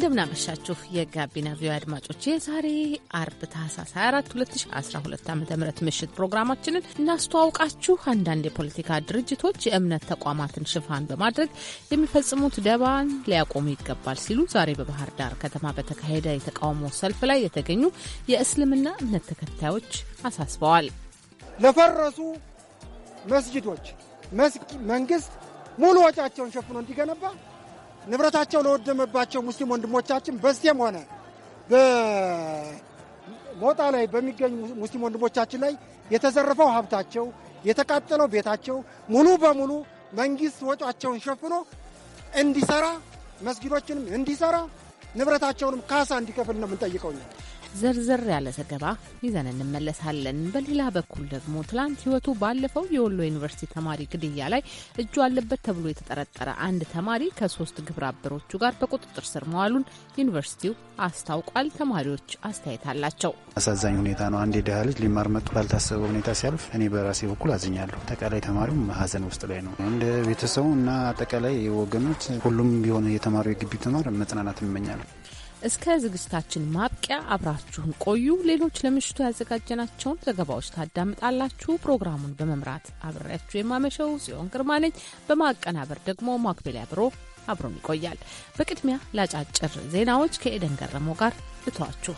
እንደምናመሻችሁ የጋቢና ቪዮ አድማጮች የዛሬ አርብ ታህሳስ 24 2012 ዓ ም ምሽት ፕሮግራማችንን እናስተዋውቃችሁ። አንዳንድ የፖለቲካ ድርጅቶች የእምነት ተቋማትን ሽፋን በማድረግ የሚፈጽሙት ደባን ሊያቆሙ ይገባል ሲሉ ዛሬ በባህር ዳር ከተማ በተካሄደ የተቃውሞ ሰልፍ ላይ የተገኙ የእስልምና እምነት ተከታዮች አሳስበዋል። ለፈረሱ መስጅዶች መንግስት ሙሉ ወጫቸውን ሸፍኖ እንዲገነባ ንብረታቸው ለወደመባቸው ሙስሊም ወንድሞቻችን በስቴም ሆነ በሞጣ ላይ በሚገኙ ሙስሊም ወንድሞቻችን ላይ የተዘረፈው ሀብታቸው፣ የተቃጠለው ቤታቸው ሙሉ በሙሉ መንግስት ወጫቸውን ሸፍኖ እንዲሰራ መስጊዶችንም እንዲሰራ ንብረታቸውንም ካሳ እንዲከፍል ነው የምንጠይቀው። ዘርዘር ያለ ዘገባ ይዘን እንመለሳለን። በሌላ በኩል ደግሞ ትላንት ሕይወቱ ባለፈው የወሎ ዩኒቨርሲቲ ተማሪ ግድያ ላይ እጁ አለበት ተብሎ የተጠረጠረ አንድ ተማሪ ከሶስት ግብረ አበሮቹ ጋር በቁጥጥር ስር መዋሉን ዩኒቨርሲቲው አስታውቋል። ተማሪዎች አስተያየት አላቸው። አሳዛኝ ሁኔታ ነው። አንድ የድሃ ልጅ ሊማር መጡ ባልታሰበ ሁኔታ ሲያልፍ እኔ በራሴ በኩል አዝኛለሁ። አጠቃላይ ተማሪውም ሀዘን ውስጥ ላይ ነው። እንደ ቤተሰቡ እና አጠቃላይ ወገኖች ሁሉም ቢሆነ የተማሪው የግቢ ተማር መጽናናት እመኛለሁ። እስከ ዝግጅታችን ማብቂያ አብራችሁን ቆዩ። ሌሎች ለምሽቱ ያዘጋጀናቸውን ዘገባዎች ታዳምጣላችሁ። ፕሮግራሙን በመምራት አብሬያችሁ የማመሸው ጽዮን ግርማ ነኝ። በማቀናበር ደግሞ ማክቤል ያብሮ አብሮን ይቆያል። በቅድሚያ ለአጫጭር ዜናዎች ከኤደን ገረመው ጋር ልተዋችሁ።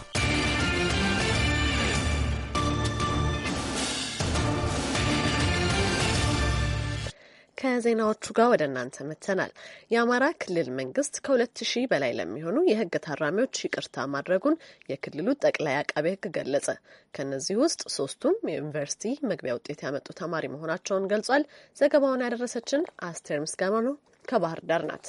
ከዜናዎቹ ጋር ወደ እናንተ መተናል። የአማራ ክልል መንግስት ከሁለት ሺህ በላይ ለሚሆኑ የህግ ታራሚዎች ይቅርታ ማድረጉን የክልሉ ጠቅላይ አቃቤ ህግ ገለጸ። ከእነዚህ ውስጥ ሶስቱም የዩኒቨርሲቲ መግቢያ ውጤት ያመጡ ተማሪ መሆናቸውን ገልጿል። ዘገባውን ያደረሰችን አስቴር ምስጋና ነው ከባህር ዳር ናት።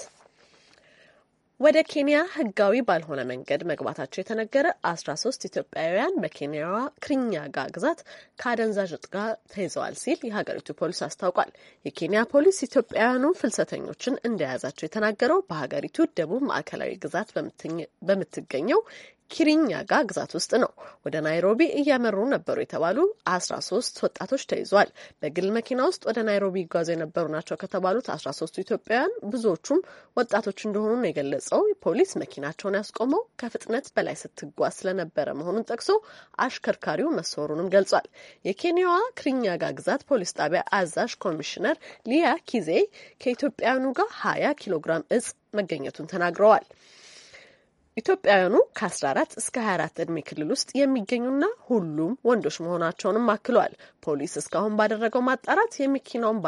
ወደ ኬንያ ህጋዊ ባልሆነ መንገድ መግባታቸው የተነገረ አስራ ሶስት ኢትዮጵያውያን በኬንያዋ ክሪኛጋ ግዛት ከአደንዛዥ ዕፅ ጋር ተይዘዋል ሲል የሀገሪቱ ፖሊስ አስታውቋል። የኬንያ ፖሊስ ኢትዮጵያውያኑን ፍልሰተኞችን እንደያዛቸው የተናገረው በሀገሪቱ ደቡብ ማዕከላዊ ግዛት በምትገኘው ኪሪኛጋ ግዛት ውስጥ ነው። ወደ ናይሮቢ እያመሩ ነበሩ የተባሉ አስራ ሶስት ወጣቶች ተይዘዋል። በግል መኪና ውስጥ ወደ ናይሮቢ ይጓዙ የነበሩ ናቸው ከተባሉት አስራ ሶስቱ ኢትዮጵያውያን ብዙዎቹም ወጣቶች እንደሆኑ ነው የገለጸው። ፖሊስ መኪናቸውን ያስቆመው ከፍጥነት በላይ ስትጓዝ ስለነበረ መሆኑን ጠቅሶ አሽከርካሪው መሰወሩንም ገልጿል። የኬንያዋ ኪሪኛጋ ግዛት ፖሊስ ጣቢያ አዛዥ ኮሚሽነር ሊያ ኪዜ ከኢትዮጵያውያኑ ጋር ሀያ ኪሎ ግራም እጽ መገኘቱን ተናግረዋል። ኢትዮጵያውያኑ ከ14 እስከ 24 እድሜ ክልል ውስጥ የሚገኙና ሁሉም ወንዶች መሆናቸውንም አክለዋል። ፖሊስ እስካሁን ባደረገው ማጣራት የመኪናውን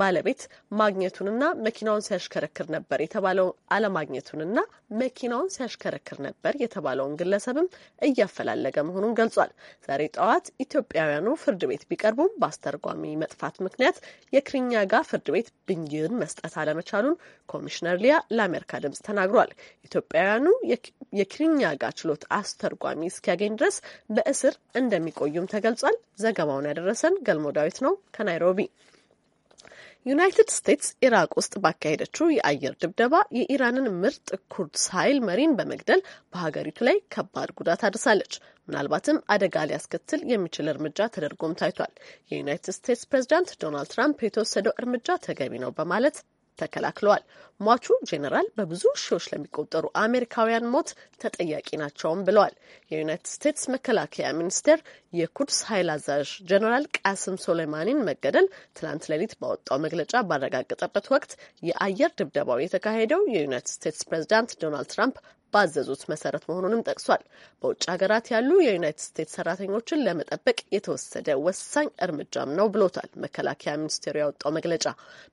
ባለቤት ማግኘቱንና መኪናውን ሲያሽከረክር ነበር የተባለው አለማግኘቱንና መኪናውን ሲያሽከረክር ነበር የተባለውን ግለሰብም እያፈላለገ መሆኑን ገልጿል። ዛሬ ጠዋት ኢትዮጵያውያኑ ፍርድ ቤት ቢቀርቡም በአስተርጓሚ መጥፋት ምክንያት የክሪኛጋ ፍርድ ቤት ብይን መስጠት አለመቻሉን ኮሚሽነር ሊያ ለአሜሪካ ድምጽ ተናግሯል። ኢትዮጵያውያኑ የክሪኛጋ ችሎት አስተርጓሚ እስኪያገኝ ድረስ በእስር እንደሚቆዩም ተገልጿል። ዘገባውን ያደረሰን ገልሞ ዳዊት ነው ከናይሮቢ። ዩናይትድ ስቴትስ ኢራቅ ውስጥ ባካሄደችው የአየር ድብደባ የኢራንን ምርጥ ኩርድ ኃይል መሪን በመግደል በሀገሪቱ ላይ ከባድ ጉዳት አድርሳለች። ምናልባትም አደጋ ሊያስከትል የሚችል እርምጃ ተደርጎም ታይቷል። የዩናይትድ ስቴትስ ፕሬዚዳንት ዶናልድ ትራምፕ የተወሰደው እርምጃ ተገቢ ነው በማለት ተከላክለዋል። ሟቹ ጄኔራል በብዙ ሺዎች ለሚቆጠሩ አሜሪካውያን ሞት ተጠያቂ ናቸውም ብለዋል። የዩናይትድ ስቴትስ መከላከያ ሚኒስቴር የኩድስ ኃይል አዛዥ ጄኔራል ቃስም ሶሌማኒን መገደል ትናንት ሌሊት ባወጣው መግለጫ ባረጋገጠበት ወቅት የአየር ድብደባው የተካሄደው የዩናይትድ ስቴትስ ፕሬዚዳንት ዶናልድ ትራምፕ ባዘዙት መሰረት መሆኑንም ጠቅሷል። በውጭ ሀገራት ያሉ የዩናይትድ ስቴትስ ሰራተኞችን ለመጠበቅ የተወሰደ ወሳኝ እርምጃም ነው ብሎታል መከላከያ ሚኒስቴሩ ያወጣው መግለጫ።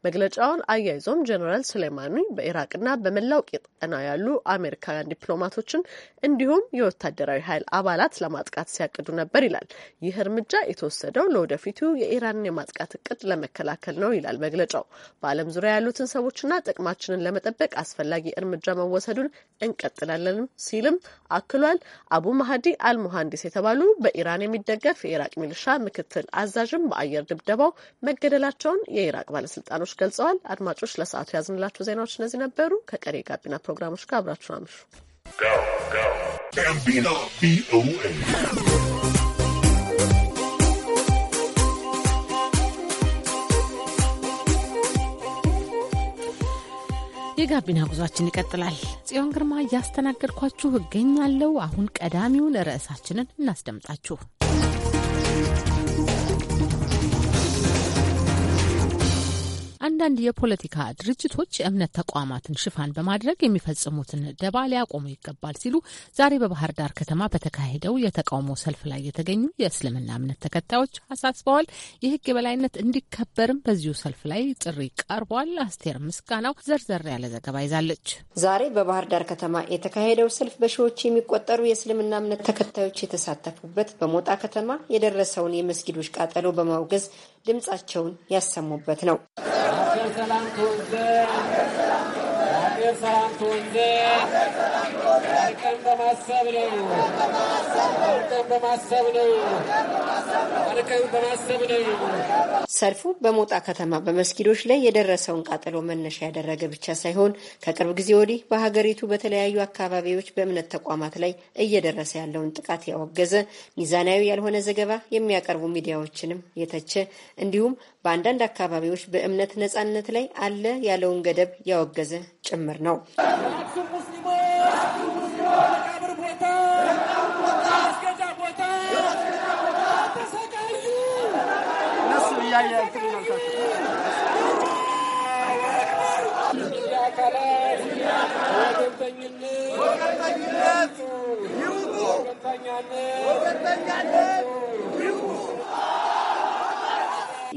መግለጫውን አያይዞም ጀኔራል ሱሌማኒ በኢራቅና በመላው ቀጠና ያሉ አሜሪካውያን ዲፕሎማቶችን እንዲሁም የወታደራዊ ኃይል አባላት ለማጥቃት ሲያቅዱ ነበር ይላል። ይህ እርምጃ የተወሰደው ለወደፊቱ የኢራንን የማጥቃት እቅድ ለመከላከል ነው ይላል መግለጫው። በዓለም ዙሪያ ያሉትን ሰዎችና ጥቅማችንን ለመጠበቅ አስፈላጊ እርምጃ መወሰዱን እንቀጥል እንቀጥላለን ሲልም አክሏል። አቡ ማሀዲ አልሙሀንዲስ የተባሉ በኢራን የሚደገፍ የኢራቅ ሚሊሻ ምክትል አዛዥም በአየር ድብደባው መገደላቸውን የኢራቅ ባለስልጣኖች ገልጸዋል። አድማጮች ለሰዓቱ ያዝንላቸው ዜናዎች እነዚህ ነበሩ። ከቀሪ የጋቢና ፕሮግራሞች ጋር አብራችሁን አምሹ። የጋቢና ጉዟችን ይቀጥላል። ጽዮን ግርማ እያስተናገድኳችሁ እገኛለሁ። አሁን ቀዳሚውን ርዕሳችንን እናስደምጣችሁ። አንዳንድ የፖለቲካ ድርጅቶች የእምነት ተቋማትን ሽፋን በማድረግ የሚፈጽሙትን ደባ ሊያቆሙ ይገባል ሲሉ ዛሬ በባህር ዳር ከተማ በተካሄደው የተቃውሞ ሰልፍ ላይ የተገኙ የእስልምና እምነት ተከታዮች አሳስበዋል። የህግ የበላይነት እንዲከበርም በዚሁ ሰልፍ ላይ ጥሪ ቀርቧል። አስቴር ምስጋናው ዘርዘር ያለ ዘገባ ይዛለች። ዛሬ በባህር ዳር ከተማ የተካሄደው ሰልፍ በሺዎች የሚቆጠሩ የእስልምና እምነት ተከታዮች የተሳተፉበት በሞጣ ከተማ የደረሰውን የመስጊዶች ቃጠሎ በማውገዝ ድምጻቸውን ያሰሙበት ነው። ሰላም ትወንዘ ሀገር ሰላም ትወንዘ እርቅን በማሰብ ነው። እርቅን በማሰብ ነው። እርቅን በማሰብ ነው። ሰልፉ በሞጣ ከተማ በመስጊዶች ላይ የደረሰውን ቃጠሎ መነሻ ያደረገ ብቻ ሳይሆን ከቅርብ ጊዜ ወዲህ በሀገሪቱ በተለያዩ አካባቢዎች በእምነት ተቋማት ላይ እየደረሰ ያለውን ጥቃት ያወገዘ ሚዛናዊ ያልሆነ ዘገባ የሚያቀርቡ ሚዲያዎችንም የተቸ እንዲሁም በአንዳንድ አካባቢዎች በእምነት ነጻነት ላይ አለ ያለውን ገደብ ያወገዘ ጭምር ነው። ወገንተኝነት ይውጡ። ወገንተኛነት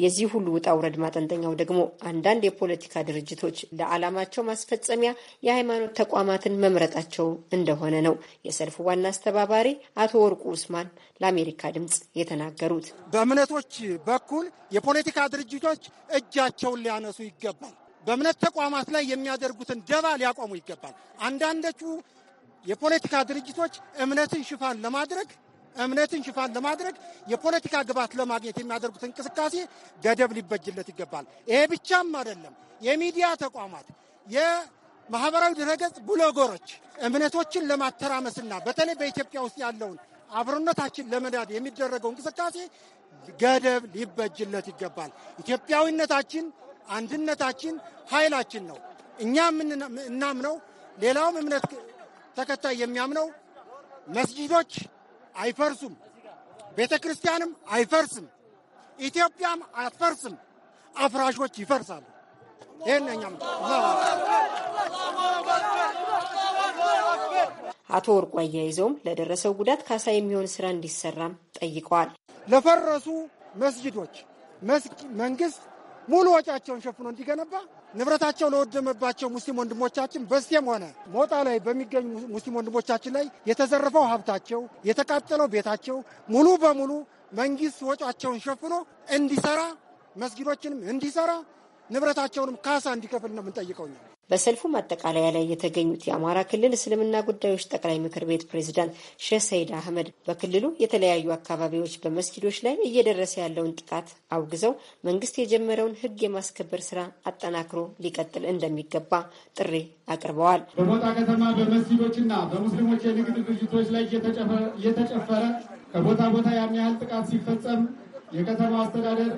የዚህ ሁሉ ውጣ ውረድ ማጠንጠኛው ደግሞ አንዳንድ የፖለቲካ ድርጅቶች ለዓላማቸው ማስፈጸሚያ የሃይማኖት ተቋማትን መምረጣቸው እንደሆነ ነው የሰልፉ ዋና አስተባባሪ አቶ ወርቁ ኡስማን ለአሜሪካ ድምፅ የተናገሩት። በእምነቶች በኩል የፖለቲካ ድርጅቶች እጃቸውን ሊያነሱ ይገባል። በእምነት ተቋማት ላይ የሚያደርጉትን ደባ ሊያቆሙ ይገባል። አንዳንዶቹ የፖለቲካ ድርጅቶች እምነትን ሽፋን ለማድረግ እምነትን ሽፋን ለማድረግ የፖለቲካ ግብዓት ለማግኘት የሚያደርጉት እንቅስቃሴ ገደብ ሊበጅለት ይገባል። ይሄ ብቻም አይደለም። የሚዲያ ተቋማት የማህበራዊ ድረገጽ ብሎገሮች እምነቶችን ለማተራመስና በተለይ በኢትዮጵያ ውስጥ ያለውን አብሮነታችን ለመዳድ የሚደረገው እንቅስቃሴ ገደብ ሊበጅለት ይገባል። ኢትዮጵያዊነታችን፣ አንድነታችን ኃይላችን ነው። እኛ እናምነው ሌላውም እምነት ተከታይ የሚያምነው መስጂዶች አይፈርሱም። ቤተ ክርስቲያንም አይፈርስም። ኢትዮጵያም አትፈርስም። አፍራሾች ይፈርሳሉ። ይህነኛም አቶ ወርቁ አያይዘውም ለደረሰው ጉዳት ካሳ የሚሆን ስራ እንዲሰራም ጠይቀዋል። ለፈረሱ መስጅዶች መንግስት ሙሉ ወጪያቸውን ሸፍኖ እንዲገነባ ንብረታቸው ለወደመባቸው ሙስሊም ወንድሞቻችን በስቴም ሆነ ሞጣ ላይ በሚገኙ ሙስሊም ወንድሞቻችን ላይ የተዘረፈው ሀብታቸው፣ የተቃጠለው ቤታቸው ሙሉ በሙሉ መንግስት ወጪያቸውን ሸፍኖ እንዲሰራ መስጊዶችንም እንዲሰራ ንብረታቸውንም ካሳ እንዲከፍል ነው የምንጠይቀው። በሰልፉ ማጠቃለያ ላይ የተገኙት የአማራ ክልል እስልምና ጉዳዮች ጠቅላይ ምክር ቤት ፕሬዚዳንት ሼህ ሰይድ አህመድ በክልሉ የተለያዩ አካባቢዎች በመስጊዶች ላይ እየደረሰ ያለውን ጥቃት አውግዘው መንግስት የጀመረውን ህግ የማስከበር ስራ አጠናክሮ ሊቀጥል እንደሚገባ ጥሪ አቅርበዋል። በሞጣ ከተማ በመስጊዶችና በሙስሊሞች የንግድ ድርጅቶች ላይ እየተጨፈረ ከቦታ ቦታ ያን ያህል ጥቃት ሲፈጸም የከተማ አስተዳደር፣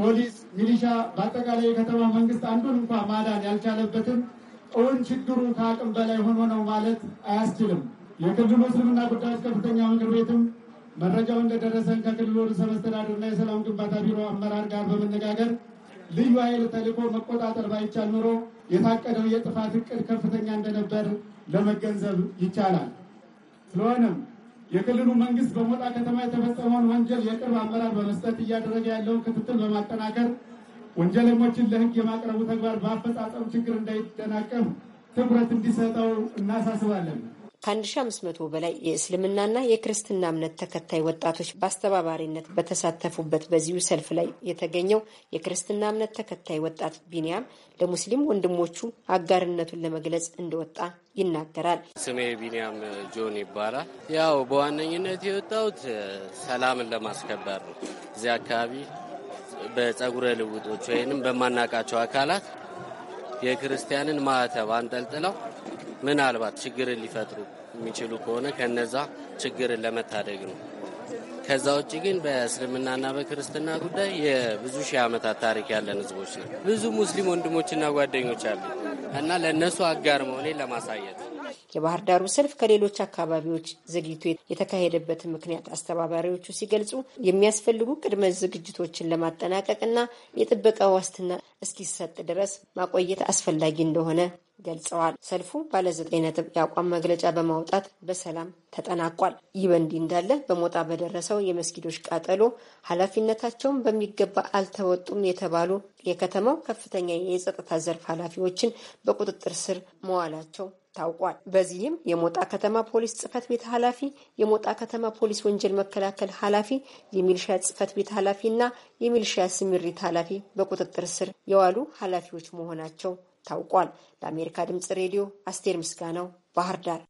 ፖሊስ፣ ሚሊሻ በአጠቃላይ የከተማ መንግስት አንዱን እንኳ ማዳን ያልቻለበትን እውን ችግሩ ከአቅም በላይ ሆኖ ነው ማለት አያስችልም። የክልሉ እስልምና ጉዳዮች ከፍተኛ ምክር ቤትም መረጃው እንደደረሰን ከክልሉ ርዕሰ መስተዳድርና የሰላም ግንባታ ቢሮ አመራር ጋር በመነጋገር ልዩ ኃይል ተልዕኮ መቆጣጠር ባይቻል ኑሮ የታቀደው የጥፋት እቅድ ከፍተኛ እንደነበር ለመገንዘብ ይቻላል። ስለሆነም የክልሉ መንግስት በሞጣ ከተማ የተፈጸመውን ወንጀል የቅርብ አመራር በመስጠት እያደረገ ያለውን ክትትል በማጠናከር ወንጀለኞችን ለሕግ የማቅረቡ ተግባር በአፈጻጸም ችግር እንዳይደናቀፍ ትኩረት እንዲሰጠው እናሳስባለን። ከአንድ ሺ አምስት መቶ በላይ የእስልምናና የክርስትና እምነት ተከታይ ወጣቶች በአስተባባሪነት በተሳተፉበት በዚሁ ሰልፍ ላይ የተገኘው የክርስትና እምነት ተከታይ ወጣት ቢንያም ለሙስሊም ወንድሞቹ አጋርነቱን ለመግለጽ እንደወጣ ይናገራል። ስሜ ቢንያም ጆን ይባላል። ያው በዋነኝነት የወጣሁት ሰላምን ለማስከበር ነው። እዚህ አካባቢ በጸጉረ ልውጦች ወይንም በማናቃቸው አካላት የክርስቲያንን ማዕተብ አንጠልጥለው ምናልባት ችግርን ሊፈጥሩ የሚችሉ ከሆነ ከነዛ ችግርን ለመታደግ ነው። ከዛ ውጭ ግን በእስልምናና በክርስትና ጉዳይ የብዙ ሺህ ዓመታት ታሪክ ያለን ህዝቦች ነው። ብዙ ሙስሊም ወንድሞችና ጓደኞች አሉ እና ለእነሱ አጋር መሆኔን ለማሳየት የባህር ዳሩ ሰልፍ ከሌሎች አካባቢዎች ዘግይቶ የተካሄደበትን ምክንያት አስተባባሪዎቹ ሲገልጹ የሚያስፈልጉ ቅድመ ዝግጅቶችን ለማጠናቀቅ እና የጥበቃ ዋስትና እስኪሰጥ ድረስ ማቆየት አስፈላጊ እንደሆነ ገልጸዋል። ሰልፉ ባለ ዘጠኝ ነጥብ የአቋም መግለጫ በማውጣት በሰላም ተጠናቋል። ይህ በእንዲህ እንዳለ በሞጣ በደረሰው የመስጊዶች ቃጠሎ ኃላፊነታቸውን በሚገባ አልተወጡም የተባሉ የከተማው ከፍተኛ የጸጥታ ዘርፍ ኃላፊዎችን በቁጥጥር ስር መዋላቸው ታውቋል። በዚህም የሞጣ ከተማ ፖሊስ ጽፈት ቤት ኃላፊ፣ የሞጣ ከተማ ፖሊስ ወንጀል መከላከል ኃላፊ፣ የሚልሻ ጽህፈት ቤት ኃላፊ እና የሚልሻ ስምሪት ኃላፊ በቁጥጥር ስር የዋሉ ኃላፊዎች መሆናቸው ታውቋል። ለአሜሪካ ድምጽ ሬዲዮ አስቴር ምስጋናው ባህር ዳር።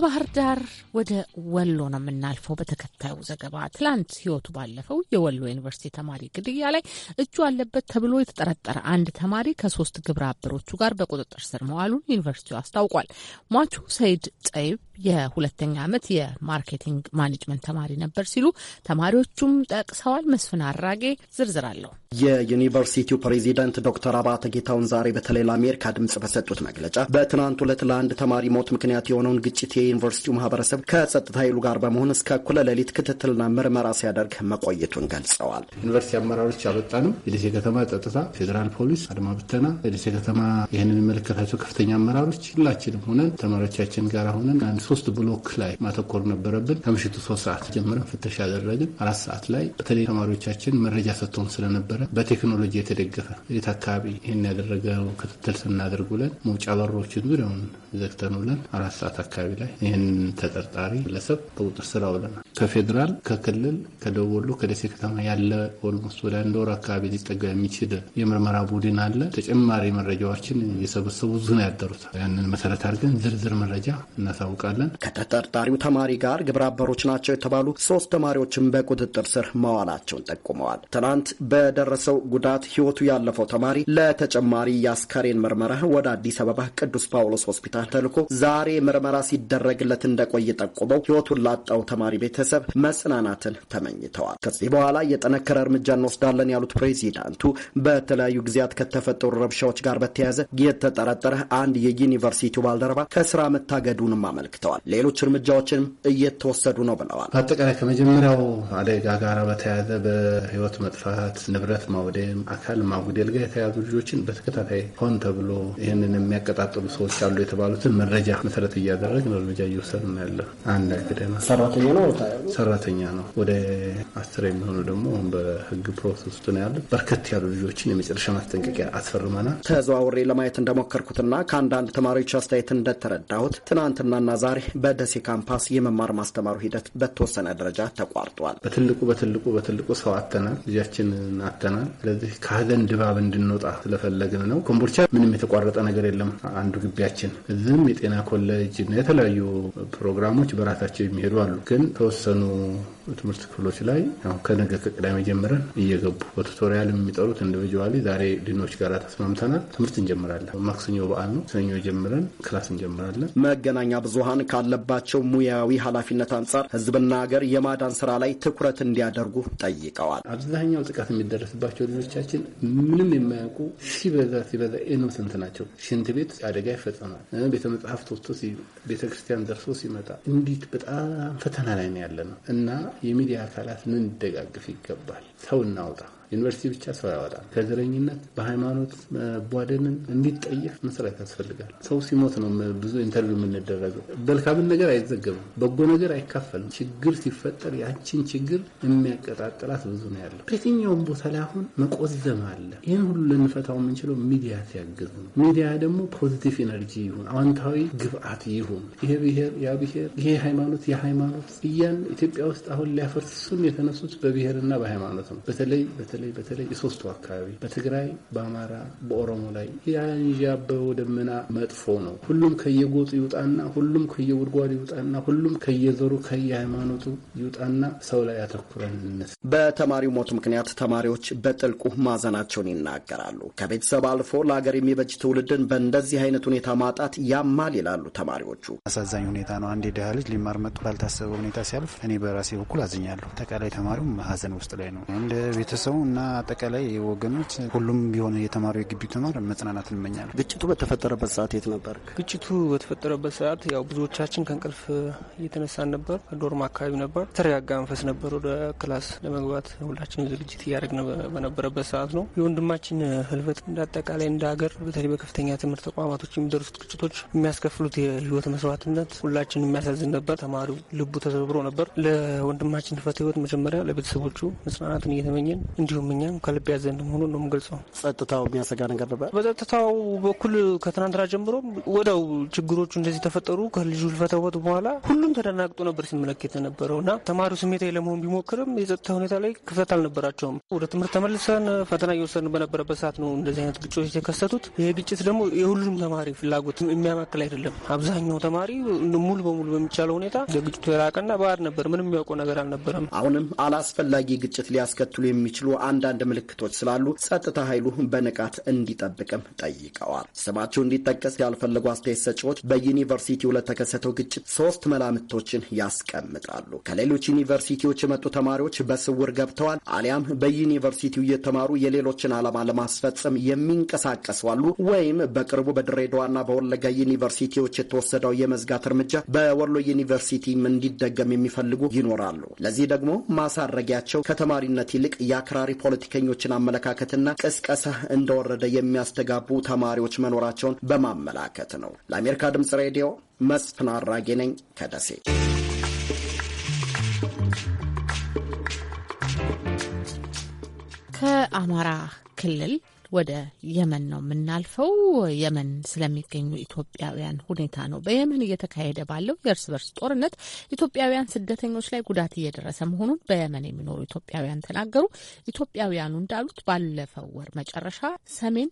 ከባህር ዳር ወደ ወሎ ነው የምናልፈው። በተከታዩ ዘገባ ትላንት ሕይወቱ ባለፈው የወሎ ዩኒቨርሲቲ ተማሪ ግድያ ላይ እጁ አለበት ተብሎ የተጠረጠረ አንድ ተማሪ ከሶስት ግብረ አበሮቹ ጋር በቁጥጥር ስር መዋሉን ዩኒቨርሲቲው አስታውቋል። ሟቹ ሰይድ ጠይብ የሁለተኛ ዓመት የማርኬቲንግ ማኔጅመንት ተማሪ ነበር ሲሉ ተማሪዎቹም ጠቅሰዋል። መስፍን አራጌ ዝርዝር አለው። የዩኒቨርሲቲው ፕሬዚዳንት ዶክተር አባተ ጌታውን ዛሬ በተለይ ለአሜሪካ ድምጽ በሰጡት መግለጫ በትናንት ሁለት ለአንድ ተማሪ ሞት ምክንያት የሆነውን ግጭት የዩኒቨርሲቲው ማህበረሰብ ከጸጥታ ኃይሉ ጋር በመሆን እስከ እኩለ ሌሊት ክትትልና ምርመራ ሲያደርግ መቆየቱን ገልጸዋል። ዩኒቨርሲቲ አመራሮች ያበጣንም የደሴ ከተማ ጸጥታ፣ ፌዴራል ፖሊስ፣ አድማ ብተና፣ የደሴ ከተማ ይህን የሚመለከታቸው ከፍተኛ አመራሮች ሁላችንም ሆነን ተማሪዎቻችን ጋር ሆነን አንድ ሶስት ብሎክ ላይ ማተኮር ነበረብን። ከምሽቱ ሶስት ሰዓት ጀምረን ፍተሻ ያደረግን አራት ሰዓት ላይ በተለይ ተማሪዎቻችን መረጃ ሰጥተውን ስለነበረ በቴክኖሎጂ የተደገፈ የት አካባቢ ይህን ያደረገው ክትትል ስናደርግ ውለን መውጫ በሮችን ዙሪያውን ዘግተን ውለን አራት ሰዓት አካባቢ ላይ ይህን ተጠርጣሪ ግለሰብ ቁጥጥር ስር አውለናል። ከፌዴራል፣ ከክልል፣ ከደቡብ ወሎ፣ ከደሴ ከተማ ያለ ኦልሞስት ወደ አንድ ወር አካባቢ ሊጠጋ የሚችል የምርመራ ቡድን አለ። ተጨማሪ መረጃዎችን የሰበሰቡ ብዙ ነው ያደሩት። ያንን መሰረት አድርገን ዝርዝር መረጃ እናሳውቃለን። ከተጠርጣሪው ተማሪ ጋር ግብረ አበሮች ናቸው የተባሉ ሶስት ተማሪዎችን በቁጥጥር ስር መዋላቸውን ጠቁመዋል። ትናንት በደረሰው ጉዳት ህይወቱ ያለፈው ተማሪ ለተጨማሪ የአስከሬን ምርመራ ወደ አዲስ አበባ ቅዱስ ጳውሎስ ሆስፒታል ተልኮ ዛሬ ምርመራ ሲደ ሲደረግለት እንደቆየ ጠቁመው ህይወቱን ላጣው ተማሪ ቤተሰብ መጽናናትን ተመኝተዋል። ከዚህ በኋላ የጠነከረ እርምጃ እንወስዳለን ያሉት ፕሬዚዳንቱ በተለያዩ ጊዜያት ከተፈጠሩ ረብሻዎች ጋር በተያያዘ የተጠረጠረ አንድ የዩኒቨርሲቲው ባልደረባ ከስራ መታገዱንም አመልክተዋል። ሌሎች እርምጃዎችንም እየተወሰዱ ነው ብለዋል። አጠቃላይ ከመጀመሪያው አደጋ ጋር በተያያዘ በህይወት መጥፋት፣ ንብረት ማውደም፣ አካል ማጉደል ጋር የተያዙ ልጆችን በተከታታይ ሆን ተብሎ ይህንን የሚያቀጣጥሉ ሰዎች አሉ የተባሉትን መረጃ መሰረት እያደረግ ነው እርምጃ እየወሰድ ነው ያለ። አንድ አግደናል። ሰራተኛ ነው ሰራተኛ ነው። ወደ አስር የሚሆኑ ደግሞ አሁን በህግ ፕሮሰስ ውስጥ ነው ያሉ። በርከት ያሉ ልጆችን የመጨረሻ ማስጠንቀቂያ አስፈርመናል። ተዘዋውሬ ለማየት እንደሞከርኩትና ከአንዳንድ ተማሪዎች አስተያየት እንደተረዳሁት ትናንትናና ዛሬ በደሴ ካምፓስ የመማር ማስተማሩ ሂደት በተወሰነ ደረጃ ተቋርጧል። በትልቁ በትልቁ በትልቁ ሰው አተናል፣ ልጃችንን አተናል። ስለዚህ ከሀዘን ድባብ እንድንወጣ ስለፈለግን ነው። ኮምቦልቻ ምንም የተቋረጠ ነገር የለም። አንዱ ግቢያችን እዚህም የጤና ኮሌጅ የተለያዩ ፕሮግራሞች በራሳቸው የሚሄዱ አሉ። ግን ተወሰኑ ትምህርት ክፍሎች ላይ ከነገ ከቅዳሜ ጀምረን እየገቡ በቱቶሪያል የሚጠሩት ኢንዲቪጁዋሊ ዛሬ ድኖች ጋር ተስማምተናል። ትምህርት እንጀምራለን። ማክሰኞ በዓል ነው። ሰኞ ጀምረን ክላስ እንጀምራለን። መገናኛ ብዙሀን ካለባቸው ሙያዊ ኃላፊነት አንጻር ህዝብና ሀገር የማዳን ስራ ላይ ትኩረት እንዲያደርጉ ጠይቀዋል። አብዛኛው ጥቃት የሚደረስባቸው ልጆቻችን ምንም የማያውቁ ሲበዛ ሲበዛ ኢኖሰንት ናቸው። ሽንት ቤት አደጋ ይፈጸማል። ቤተ መጽሐፍት ወጥቶ ቤተክርስቲያን ደርሶ ሲመጣ እንዲት በጣም ፈተና ላይ ነው ያለ ነው እና የሚዲያ አካላት ምን ደጋግፍ ይገባል። ሰው እናውጣ። ዩኒቨርሲቲ ብቻ ሰው ያወጣል። ከዘረኝነት በሃይማኖት መቧደንን እንዲጠየፍ መሰረት ያስፈልጋል። ሰው ሲሞት ነው ብዙ ኢንተርቪው የምንደረገው። መልካምን ነገር አይዘገብም፣ በጎ ነገር አይካፈልም። ችግር ሲፈጠር ያችን ችግር የሚያቀጣጥላት ብዙ ነው ያለው። በየትኛውም ቦታ ላይ አሁን መቆዘም አለ። ይህን ሁሉ ልንፈታው የምንችለው ሚዲያ ሲያግዝ ነው። ሚዲያ ደግሞ ፖዚቲቭ ኤነርጂ ይሁን፣ አዎንታዊ ግብአት ይሁን። ይሄ ብሄር ያ ብሄር፣ ይሄ ሃይማኖት ያ ሃይማኖት እያን ኢትዮጵያ ውስጥ አሁን ሊያፈርሱን የተነሱት በብሔርና በሃይማኖት ነው። በተለይ በተለይ በተለይ በተለይ የሶስቱ አካባቢ በትግራይ፣ በአማራ፣ በኦሮሞ ላይ ያንዣበበው ደመና መጥፎ ነው። ሁሉም ከየጎጡ ይውጣና ሁሉም ከየጉድጓዱ ይውጣና ሁሉም ከየዘሩ ከየሃይማኖቱ ይውጣና ሰው ላይ ያተኩረን እንስ በተማሪው ሞት ምክንያት ተማሪዎች በጥልቁ ማዘናቸውን ይናገራሉ። ከቤተሰብ አልፎ ለሀገር የሚበጅ ትውልድን በእንደዚህ አይነት ሁኔታ ማጣት ያማል ይላሉ ተማሪዎቹ። አሳዛኝ ሁኔታ ነው። አንድ የድሃ ልጅ ሊማር መጥቶ ባልታሰበ ሁኔታ ሲያልፍ እኔ በራሴ በኩል አዝኛለሁ። አጠቃላይ ተማሪውም ሀዘን ውስጥ ላይ ነው። እንደ ቤተሰቡ እና አጠቃላይ ወገኖች ሁሉም ቢሆን የተማሪ የግቢ ተማር መጽናናት እንመኛለን። ግጭቱ በተፈጠረበት ሰዓት የት ነበር? ግጭቱ በተፈጠረበት ሰዓት ያው ብዙዎቻችን ከእንቅልፍ እየተነሳን ነበር። ዶርም አካባቢ ነበር። የተረጋጋ መንፈስ ነበር። ወደ ክላስ ለመግባት ሁላችን ዝግጅት እያደረግን በነበረበት ሰዓት ነው የወንድማችን ህልፈት። እንደ አጠቃላይ እንደ ሀገር በተለይ በከፍተኛ ትምህርት ተቋማቶች የሚደርሱት ግጭቶች የሚያስከፍሉት የህይወት መስዋዕትነት ሁላችን የሚያሳዝን ነበር። ተማሪው ልቡ ተሰብሮ ነበር። ለወንድማችን ህልፈት ህይወት መጀመሪያ ለቤተሰቦቹ መጽናናትን እየተመኘን እንዲሁ እንዲሁም እኛም ከልብ ያዘን ሆኖ ነው የምገልጸው። ጸጥታው የሚያሰጋ ነገር ነበር። በጸጥታው በኩል ከትናንትና ጀምሮ ወደው ችግሮቹ እንደዚህ ተፈጠሩ። ከልጁ ልፈተወት በኋላ ሁሉም ተደናግጦ ነበር ሲመለከት ነበረው እና ተማሪው ስሜታዊ ለመሆን ቢሞክርም የጸጥታ ሁኔታ ላይ ክፍተት አልነበራቸውም። ወደ ትምህርት ተመልሰን ፈተና እየወሰድን በነበረበት ሰዓት ነው እንደዚህ አይነት ግጭቶች የተከሰቱት። ይህ ግጭት ደግሞ የሁሉም ተማሪ ፍላጎት የሚያማክል አይደለም። አብዛኛው ተማሪ ሙሉ በሙሉ በሚቻለው ሁኔታ ለግጭቱ የራቀና ባህር ነበር። ምንም የሚያውቀው ነገር አልነበረም። አሁንም አላስፈላጊ ግጭት ሊያስከትሉ የሚችሉ አንዳንድ ምልክቶች ስላሉ ጸጥታ ኃይሉ በንቃት እንዲጠብቅም ጠይቀዋል። ስማቸው እንዲጠቀስ ያልፈለጉ አስተያየት ሰጪዎች በዩኒቨርሲቲው ለተከሰተው ግጭት ሶስት መላምቶችን ያስቀምጣሉ። ከሌሎች ዩኒቨርሲቲዎች የመጡ ተማሪዎች በስውር ገብተዋል፣ አሊያም በዩኒቨርሲቲው እየተማሩ የሌሎችን ዓላማ ለማስፈጸም የሚንቀሳቀሱ አሉ፣ ወይም በቅርቡ በድሬዳዋና በወለጋ ዩኒቨርሲቲዎች የተወሰደው የመዝጋት እርምጃ በወሎ ዩኒቨርሲቲም እንዲደገም የሚፈልጉ ይኖራሉ። ለዚህ ደግሞ ማሳረጊያቸው ከተማሪነት ይልቅ የአክራሪ ፖለቲከኞችን አመለካከትና ቅስቀሳ እንደወረደ የሚያስተጋቡ ተማሪዎች መኖራቸውን በማመላከት ነው። ለአሜሪካ ድምጽ ሬዲዮ መስፍን አራጌ ነኝ ከደሴ። ከአማራ ክልል ወደ የመን ነው የምናልፈው። የመን ስለሚገኙ ኢትዮጵያውያን ሁኔታ ነው። በየመን እየተካሄደ ባለው የእርስ በርስ ጦርነት ኢትዮጵያውያን ስደተኞች ላይ ጉዳት እየደረሰ መሆኑን በየመን የሚኖሩ ኢትዮጵያውያን ተናገሩ። ኢትዮጵያውያኑ እንዳሉት ባለፈው ወር መጨረሻ ሰሜን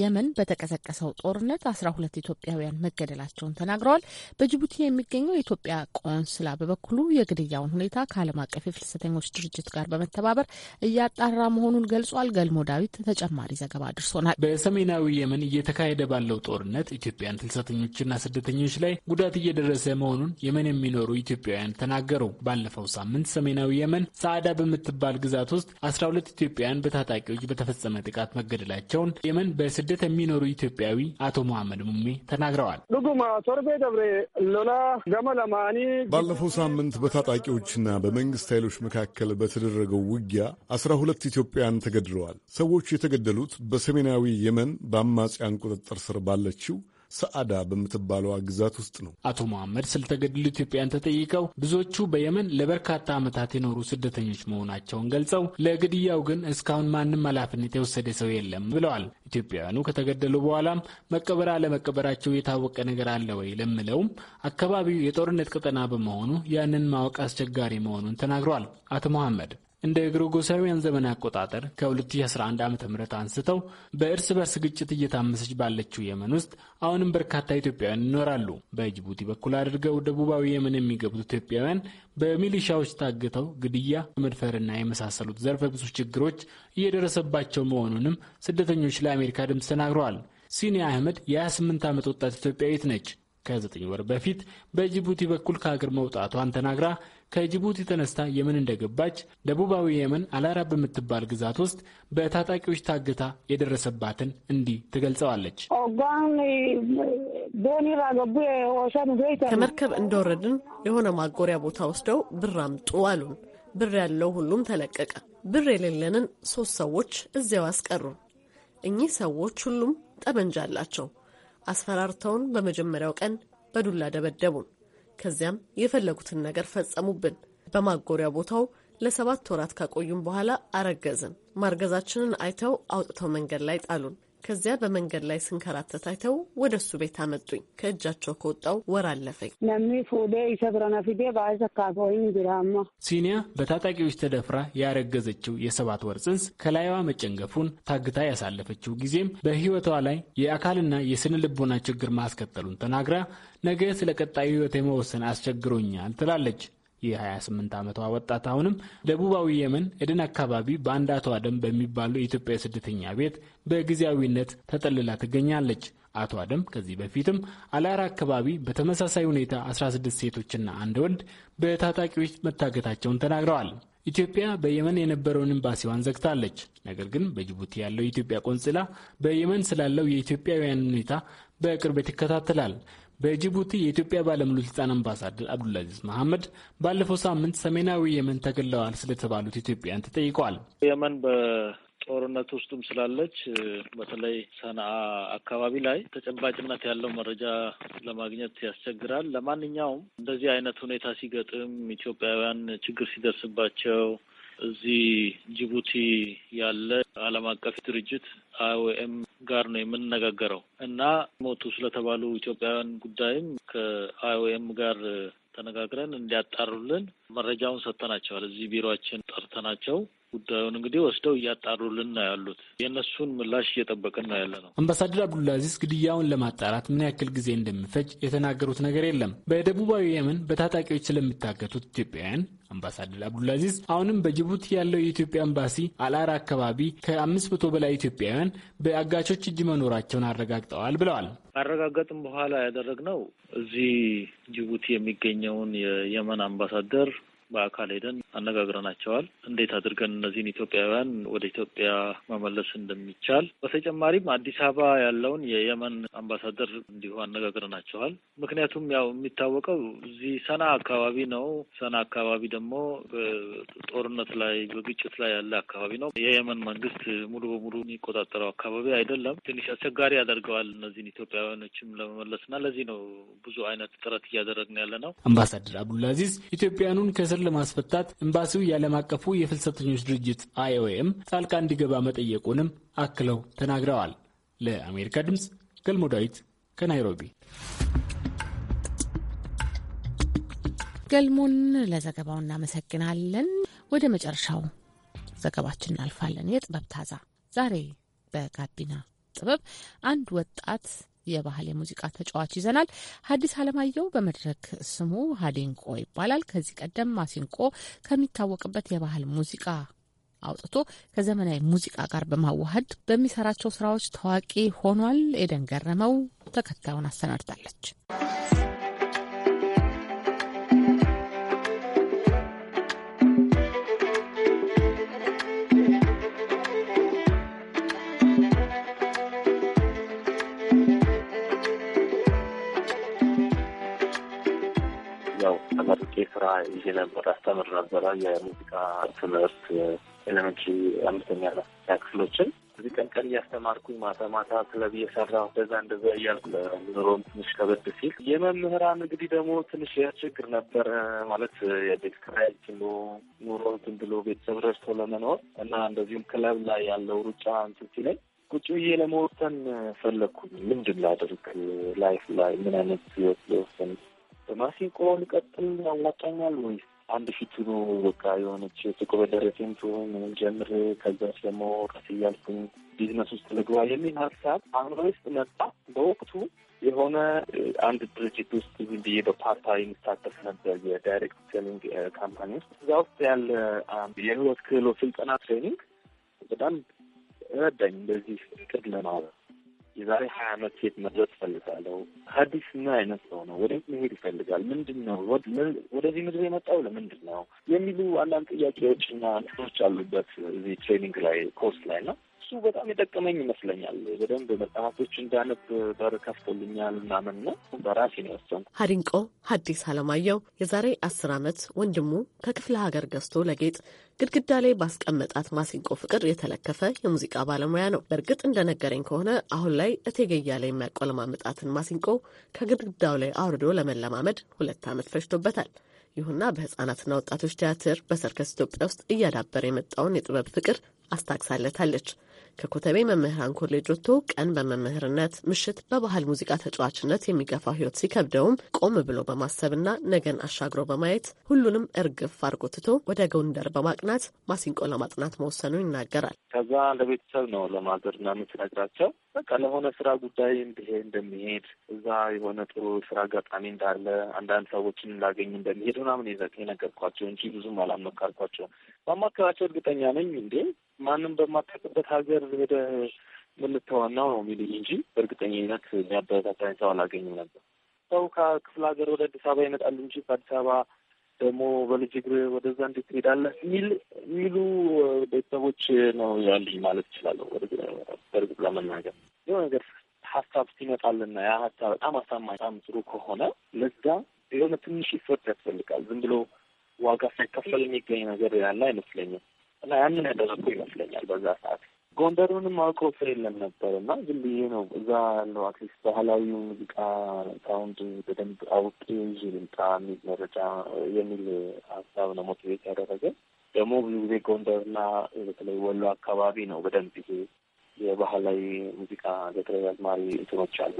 የመን በተቀሰቀሰው ጦርነት አስራ ሁለት ኢትዮጵያውያን መገደላቸውን ተናግረዋል። በጅቡቲ የሚገኘው የኢትዮጵያ ቆንስላ በበኩሉ የግድያውን ሁኔታ ከዓለም አቀፍ የፍልሰተኞች ድርጅት ጋር በመተባበር እያጣራ መሆኑን ገልጿል። ገልሞ ዳዊት ተጨማሪ ዘገባ ዘገባ አድርሶናል። በሰሜናዊ የመን እየተካሄደ ባለው ጦርነት ኢትዮጵያን ፍልሰተኞችና ስደተኞች ላይ ጉዳት እየደረሰ መሆኑን የመን የሚኖሩ ኢትዮጵያውያን ተናገሩ። ባለፈው ሳምንት ሰሜናዊ የመን ሰዓዳ በምትባል ግዛት ውስጥ አስራ ሁለት ኢትዮጵያውያን በታጣቂዎች በተፈጸመ ጥቃት መገደላቸውን የመን በስደት የሚኖሩ ኢትዮጵያዊ አቶ መሐመድ ሙሜ ተናግረዋል። ባለፈው ሳምንት በታጣቂዎችና በመንግስት ኃይሎች መካከል በተደረገው ውጊያ አስራ ሁለት ኢትዮጵያውያን ተገድለዋል። ሰዎች የተገደሉት በሰሜናዊ የመን በአማጽያን ቁጥጥር ስር ባለችው ሰዓዳ በምትባለዋ ግዛት ውስጥ ነው። አቶ መሐመድ ስለተገደሉ ኢትዮጵያን ተጠይቀው ብዙዎቹ በየመን ለበርካታ ዓመታት የኖሩ ስደተኞች መሆናቸውን ገልጸው ለግድያው ግን እስካሁን ማንም ኃላፊነት የወሰደ ሰው የለም ብለዋል። ኢትዮጵያውያኑ ከተገደሉ በኋላም መቀበር አለመቀበራቸው የታወቀ ነገር አለ ወይ ለምለውም አካባቢው የጦርነት ቀጠና በመሆኑ ያንን ማወቅ አስቸጋሪ መሆኑን ተናግረዋል። አቶ መሐመድ እንደ ግሮጎሳውያን ዘመን አቆጣጠር ከ2011 ዓ ም አንስተው በእርስ በርስ ግጭት እየታመሰች ባለችው የመን ውስጥ አሁንም በርካታ ኢትዮጵያውያን ይኖራሉ። በጅቡቲ በኩል አድርገው ደቡባዊ የመን የሚገቡት ኢትዮጵያውያን በሚሊሻዎች ታግተው ግድያ፣ መድፈርና የመሳሰሉት ዘርፈ ብዙ ችግሮች እየደረሰባቸው መሆኑንም ስደተኞች ለአሜሪካ ድምፅ ተናግረዋል። ሲኒ አህመድ የ28 ዓመት ወጣት ኢትዮጵያዊት ነች። ከ9 ወር በፊት በጅቡቲ በኩል ከሀገር መውጣቷን ተናግራ ከጅቡቲ ተነስታ የመን እንደገባች ደቡባዊ የመን አላራ በምትባል ግዛት ውስጥ በታጣቂዎች ታግታ የደረሰባትን እንዲህ ትገልጸዋለች። ከመርከብ እንደወረድን የሆነ ማጎሪያ ቦታ ወስደው ብር አምጡ አሉን። ብር ያለው ሁሉም ተለቀቀ። ብር የሌለንን ሶስት ሰዎች እዚያው አስቀሩን። እኚህ ሰዎች ሁሉም ጠመንጃ አላቸው። አስፈራርተውን በመጀመሪያው ቀን በዱላ ደበደቡን። ከዚያም የፈለጉትን ነገር ፈጸሙብን። በማጎሪያ ቦታው ለሰባት ወራት ካቆዩም በኋላ አረገዝን። ማርገዛችንን አይተው አውጥተው መንገድ ላይ ጣሉን። ከዚያ በመንገድ ላይ ስንከራተት አይተው ወደ እሱ ቤት አመጡኝ። ከእጃቸው ከወጣው ወር አለፈኝ። ሲኒያ በታጣቂዎች ተደፍራ ያረገዘችው የሰባት ወር ጽንስ ከላይዋ መጨንገፉን ታግታ ያሳለፈችው ጊዜም በሕይወቷ ላይ የአካልና የስነ ልቦና ችግር ማስከተሉን ተናግራ ነገ ስለ ቀጣዩ ሕይወት የመወሰን አስቸግሮኛል ትላለች። የ28 ዓመቷ ወጣት አሁንም ደቡባዊ የመን ኤደን አካባቢ በአንድ አቶ አደም በሚባለው የኢትዮጵያ ስደተኛ ቤት በጊዜያዊነት ተጠልላ ትገኛለች። አቶ አደም ከዚህ በፊትም አላራ አካባቢ በተመሳሳይ ሁኔታ 16 ሴቶችና አንድ ወንድ በታጣቂዎች መታገታቸውን ተናግረዋል። ኢትዮጵያ በየመን የነበረውን ኤምባሲዋን ዘግታለች። ነገር ግን በጅቡቲ ያለው የኢትዮጵያ ቆንጽላ በየመን ስላለው የኢትዮጵያውያን ሁኔታ በቅርበት ይከታተላል። በጅቡቲ የኢትዮጵያ ባለሙሉ ስልጣን አምባሳደር አብዱልአዚዝ መሐመድ ባለፈው ሳምንት ሰሜናዊ የመን ተገለዋል ስለተባሉት ኢትዮጵያን ተጠይቀዋል። የመን ጦርነት ውስጥም ስላለች በተለይ ሰንአ አካባቢ ላይ ተጨባጭነት ያለው መረጃ ለማግኘት ያስቸግራል። ለማንኛውም እንደዚህ አይነት ሁኔታ ሲገጥም ኢትዮጵያውያን ችግር ሲደርስባቸው እዚህ ጅቡቲ ያለ ዓለም አቀፍ ድርጅት አይኦኤም ጋር ነው የምንነጋገረው እና ሞቱ ስለተባሉ ኢትዮጵያውያን ጉዳይም ከአይኦኤም ጋር ተነጋግረን እንዲያጣሩልን መረጃውን ሰጥተናቸዋል። እዚህ ቢሮችን ጠርተናቸው ጉዳዩን እንግዲህ ወስደው እያጣሩልን ነው ያሉት። የእነሱን ምላሽ እየጠበቅን ነው ያለ ነው። አምባሳደር አብዱላዚዝ ግድያውን ለማጣራት ምን ያክል ጊዜ እንደሚፈጅ የተናገሩት ነገር የለም። በደቡባዊ የመን በታጣቂዎች ስለሚታገቱት ኢትዮጵያውያን አምባሳደር አብዱላዚዝ አሁንም በጅቡቲ ያለው የኢትዮጵያ ኤምባሲ አልአራ አካባቢ ከአምስት መቶ በላይ ኢትዮጵያውያን በአጋቾች እጅ መኖራቸውን አረጋግጠዋል ብለዋል። አረጋገጥም በኋላ ያደረግነው እዚህ ጅቡቲ የሚገኘውን የየመን አምባሳደር በአካል ሄደን አነጋግረናቸዋል። እንዴት አድርገን እነዚህን ኢትዮጵያውያን ወደ ኢትዮጵያ መመለስ እንደሚቻል፣ በተጨማሪም አዲስ አበባ ያለውን የየመን አምባሳደር እንዲሁ አነጋግረናቸዋል። ምክንያቱም ያው የሚታወቀው እዚህ ሰና አካባቢ ነው። ሰና አካባቢ ደግሞ በጦርነት ላይ በግጭት ላይ ያለ አካባቢ ነው። የየመን መንግስት ሙሉ በሙሉ የሚቆጣጠረው አካባቢ አይደለም። ትንሽ አስቸጋሪ ያደርገዋል እነዚህን ኢትዮጵያውያኖችም ለመመለስና ለዚህ ነው ብዙ አይነት ጥረት እያደረግን ያለ ነው። አምባሳደር አብዱልአዚዝ ኢትዮጵያኑን ከስር ከእስር ለማስፈታት ኤምባሲው የዓለም አቀፉ የፍልሰተኞች ድርጅት አይኦኤም ጣልቃ እንዲገባ መጠየቁንም አክለው ተናግረዋል። ለአሜሪካ ድምፅ ገልሞ ዳዊት ከናይሮቢ። ገልሞን ለዘገባው እናመሰግናለን። ወደ መጨረሻው ዘገባችን እናልፋለን። የጥበብ ታዛ ዛሬ በጋቢና ጥበብ አንድ ወጣት የባህል የሙዚቃ ተጫዋች ይዘናል። ሀዲስ አለማየሁ በመድረክ ስሙ ሀዲንቆ ይባላል። ከዚህ ቀደም ማሲንቆ ከሚታወቅበት የባህል ሙዚቃ አውጥቶ ከዘመናዊ ሙዚቃ ጋር በማዋሃድ በሚሰራቸው ስራዎች ታዋቂ ሆኗል። ኤደን ገረመው ተከታዩን አሰናድታለች። ስራ ይዤ ነበር። አስተምር ነበረ የሙዚቃ ትምህርት ኤሌመንትሪ አምስተኛ ላ ክፍሎችን እዚህ ቀን ቀን እያስተማርኩኝ ማታ ማታ ክለብ እየሰራሁ በዛ እንደዛ እያልኩ ኑሮም ትንሽ ከበድ ሲል የመምህራን እንግዲህ ደግሞ ትንሽ ችግር ነበር ማለት የቤት ክራይ ችሎ ኑሮ እንትን ብሎ ቤተሰብ ረድቶ ለመኖር እና እንደዚሁም ክለብ ላይ ያለው ሩጫ እንትን ሲለኝ ቁጭ ብዬ ለመወሰን ፈለግኩኝ። ምንድን ላድርግ ላይፍ ላይ ምን አይነት ህይወት ሊወሰን በማሲንቆ ልቀጥል ያዋጣኛል ወይ? አንድ ፊት ሆኖ በቃ የሆነች ጥቁር ደረቴም ትሆን ምንም ጀምር ከዛች ደግሞ ቀስ እያልኩኝ ቢዝነስ ውስጥ ልግባ የሚል ሀሳብ አእምሮ ውስጥ መጣ። በወቅቱ የሆነ አንድ ድርጅት ውስጥ ዝም ብዬ በፓርታ የሚሳተፍ ነበር፣ የዳይሬክት ሴሊንግ ካምፓኒ ውስጥ። እዛ ውስጥ ያለ የህይወት ክህሎ ስልጠና ትሬኒንግ በጣም ረዳኝ፣ እንደዚህ ቅድ ለማለት የዛሬ ሀያ አመት ሴት መድረስ እፈልጋለሁ። ሐዲስ ምን አይነት ሰው ነው? ወዴት መሄድ ይፈልጋል? ምንድን ነው ወደዚህ ምድር የመጣው ለምንድን ነው የሚሉ አንዳንድ ጥያቄዎችና እንትኖች አሉበት እዚህ ትሬኒንግ ላይ ኮርስ ላይ ነው። እሱ በጣም የጠቀመኝ ይመስለኛል። በደንብ መጽሐፎች እንዳነብ በር ከፍቶልኛል ምናምን ነው በራሴ ነው የወሰንኩት። ሀዲንቆ ሀዲስ አለማየሁ የዛሬ አስር ዓመት ወንድሙ ከክፍለ ሀገር ገዝቶ ለጌጥ ግድግዳ ላይ ባስቀመጣት ማሲንቆ ፍቅር የተለከፈ የሙዚቃ ባለሙያ ነው። በእርግጥ እንደነገረኝ ከሆነ አሁን ላይ እቴገያ ላይ የሚያቆለማምጣትን ማሲንቆ ከግድግዳው ላይ አውርዶ ለመለማመድ ሁለት ዓመት ፈጅቶበታል። ይሁና በህጻናትና ወጣቶች ቲያትር በሰርከስ ኢትዮጵያ ውስጥ እያዳበረ የመጣውን የጥበብ ፍቅር አስታግሳለታለች። ከኮተቤ መምህራን ኮሌጅ ወጥቶ ቀን በመምህርነት ምሽት በባህል ሙዚቃ ተጫዋችነት የሚገፋው ህይወት ሲከብደውም ቆም ብሎ በማሰብና ነገን አሻግሮ በማየት ሁሉንም እርግፍ አርጎ ትቶ ወደ ጎንደር በማቅናት ማሲንቆ ለማጥናት መወሰኑን ይናገራል። ከዛ ለቤተሰብ ነው ለማዘር ምናምን በቃ ለሆነ ስራ ጉዳይ እንድሄ እንደሚሄድ እዛ የሆነ ጥሩ ስራ አጋጣሚ እንዳለ አንዳንድ ሰዎችን ላገኝ እንደሚሄድ ምናምን የነገርኳቸው እንጂ ብዙም አላመካርኳቸውም። በማከራቸው እርግጠኛ ነኝ እንዴ ማንም በማታውቅበት ሀገር ሄደ የምንተዋናው ነው የሚሉኝ እንጂ በእርግጠኝነት የሚያበረታታኝ ሰው አላገኝም ነበር። ሰው ከክፍለ ሀገር ወደ አዲስ አበባ ይመጣል እንጂ ከአዲስ አበባ ደግሞ በልጅ እግር ወደዛ እንዴት ትሄዳለህ ሚል ሚሉ ቤተሰቦች ነው ያለኝ ማለት ይችላለሁ። በእርግጥ ለመናገር የሆነ ነገር ሀሳብ ሲመጣልና ያ ሀሳብ በጣም አሳማኝ በጣም ጥሩ ከሆነ ለዛ የሆነ ትንሽ ይፈርድ ያስፈልጋል። ዝም ብሎ ዋጋ ሳይከፈል የሚገኝ ነገር ያለ አይመስለኝም እና ያንን ያደረግኩ ይመስለኛል በዛ ሰዓት ጎንደሩንም አውቀው ሰው የለም ነበር እና ዝም ብዬ ነው እዛ ያለው አትሊስት ባህላዊ ሙዚቃ ሳውንድ በደንብ አውቄ ይዤ ልምጣ የሚል መረጃ የሚል ሀሳብ ነው ሞቲቬት ያደረገ። ደግሞ ብዙ ጊዜ ጎንደርና በተለይ ወሎ አካባቢ ነው በደንብ ይሄ የባህላዊ ሙዚቃ በተለይ አዝማሪ እንትኖች አሉ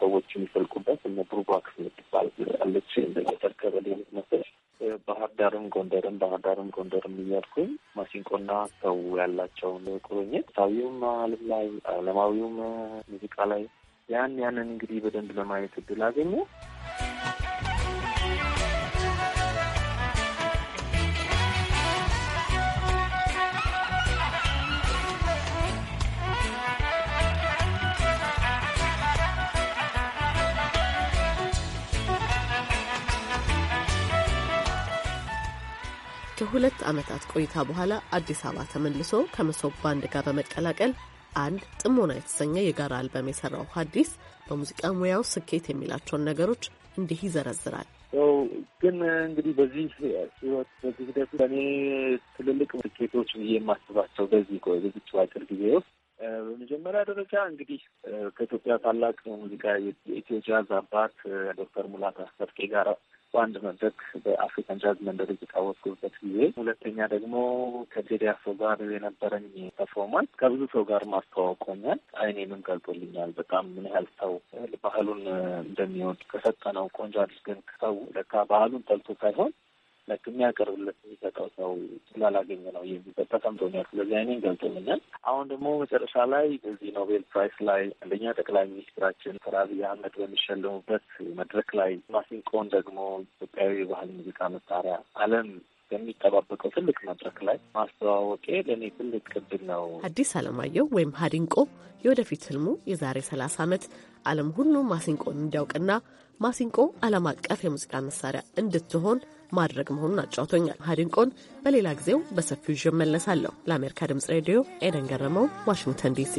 ሰዎች የሚፈልቁበት እነ ብሩባክስ የምትባል አለች እንደ ተርከበ ሌሎች መሰለሽ ባህር ዳርም ጎንደርም ባህር ዳርም ጎንደርም እያልኩኝ ማሲንቆና ሰው ያላቸውን ቁርኝት ሳቢውም ዓለም ላይ ዓለማዊውም ሙዚቃ ላይ ያን ያንን እንግዲህ በደንብ ለማየት እድል አገኘ። ከሁለት ዓመታት ቆይታ በኋላ አዲስ አበባ ተመልሶ ከመሶብ ባንድ ጋር በመቀላቀል አንድ ጥሞና የተሰኘ የጋራ አልበም የሰራው ሀዲስ በሙዚቃ ሙያው ስኬት የሚላቸውን ነገሮች እንዲህ ይዘረዝራል። ያው ግን እንግዲህ በዚህ ህይወት በዚህ ሂደት ለእኔ ትልልቅ ስኬቶች ብዬ የማስባቸው በዚህ ቆይ በዚች አጭር ጊዜ ውስጥ በመጀመሪያ ደረጃ እንግዲህ ከኢትዮጵያ ታላቅ ሙዚቃ የኢትዮጵያ ዛባት ዶክተር ሙላት አስታጥቄ ጋር በአንድ መድረክ በአፍሪካን ጃዝ መንደር የተጫወትኩበት ጊዜ፣ ሁለተኛ ደግሞ ከቴዲ አፍሮ ጋር የነበረኝ ፐርፎርማንስ ከብዙ ሰው ጋር ማስተዋውቆኛል። አይኔንም ገልጦልኛል። በጣም ምን ያህል ሰው ባህሉን እንደሚወድ ከሰጠነው ቆንጆ አድርገን ሰው ለካ ባህሉን ጠልቶ ሳይሆን ለክ የሚያቀርብለት የሚሰጠው ሰው ስላላገኘ ነው የሚሰጠ ስለዚህ አይኔን ገልጦልኛል። አሁን ደግሞ መጨረሻ ላይ በዚህ ኖቤል ፕራይስ ላይ አንደኛ ጠቅላይ ሚኒስትራችን ዶክተር አብይ አህመድ በሚሸለሙበት መድረክ ላይ ማሲንቆን ደግሞ ኢትዮጵያዊ የባህል ሙዚቃ መሳሪያ ዓለም በሚጠባበቀው ትልቅ መድረክ ላይ ማስተዋወቄ ለእኔ ትልቅ ቅድል ነው። አዲስ አለማየሁ ወይም ሀዲንቆ የወደፊት ህልሙ የዛሬ ሰላሳ ዓመት ዓለም ሁሉ ማሲንቆን እንዲያውቅና ማሲንቆ ዓለም አቀፍ የሙዚቃ መሳሪያ እንድትሆን ማድረግ መሆኑን አጫውቶኛል። ሀዲንቆን በሌላ ጊዜው በሰፊው ይዤ እመለሳለሁ። ለአሜሪካ ድምፅ ሬዲዮ ኤደን ገረመው፣ ዋሽንግተን ዲሲ።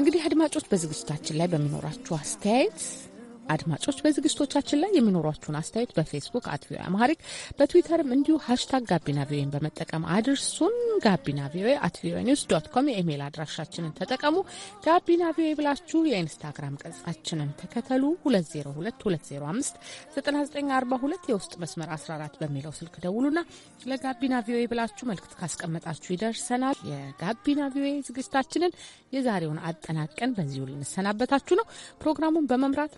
እንግዲህ አድማጮች በዝግጅታችን ላይ በሚኖራችሁ አስተያየት አድማጮች በዝግጅቶቻችን ላይ የሚኖሯችሁን አስተያየት በፌስቡክ አት ቪኦኤ አማሪክ በትዊተርም እንዲሁ ሀሽታግ ጋቢና ቪኦኤን በመጠቀም አድርሱን። ጋቢና ቪኦኤ አት ቪኦኤ ኒውስ ዶት ኮም የኢሜይል አድራሻችንን ተጠቀሙ። ጋቢና ቪኦኤ ብላችሁ የኢንስታግራም ገጻችንን ተከተሉ። 2022059942 የውስጥ መስመር 14 በሚለው ስልክ ደውሉና ለጋቢና ቪኦኤ ብላችሁ መልእክት ካስቀመጣችሁ ይደርሰናል። የጋቢና ቪኦኤ ዝግጅታችንን የዛሬውን አጠናቀን በዚሁ ልንሰናበታችሁ ነው። ፕሮግራሙን በመምራት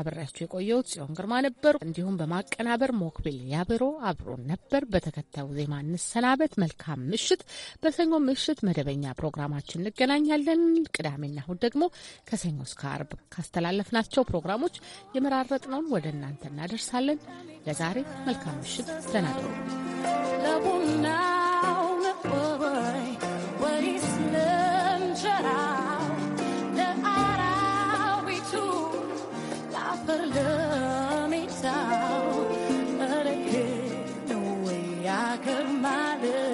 አብሬያቸው የቆየሁት ጽዮን ግርማ ነበር እንዲሁም በማቀናበር ሞክቢል ያብሮ አብሮን ነበር። በተከታዩ ዜማ እንሰናበት። መልካም ምሽት። በሰኞ ምሽት መደበኛ ፕሮግራማችን እንገናኛለን። ቅዳሜና እሁድ ደግሞ ከሰኞ እስከ አርብ ካስተላለፍናቸው ፕሮግራሞች የመራረጥነውን ወደ እናንተ እናደርሳለን። ለዛሬ መልካም ምሽት። ደህና እደሩ። of my love.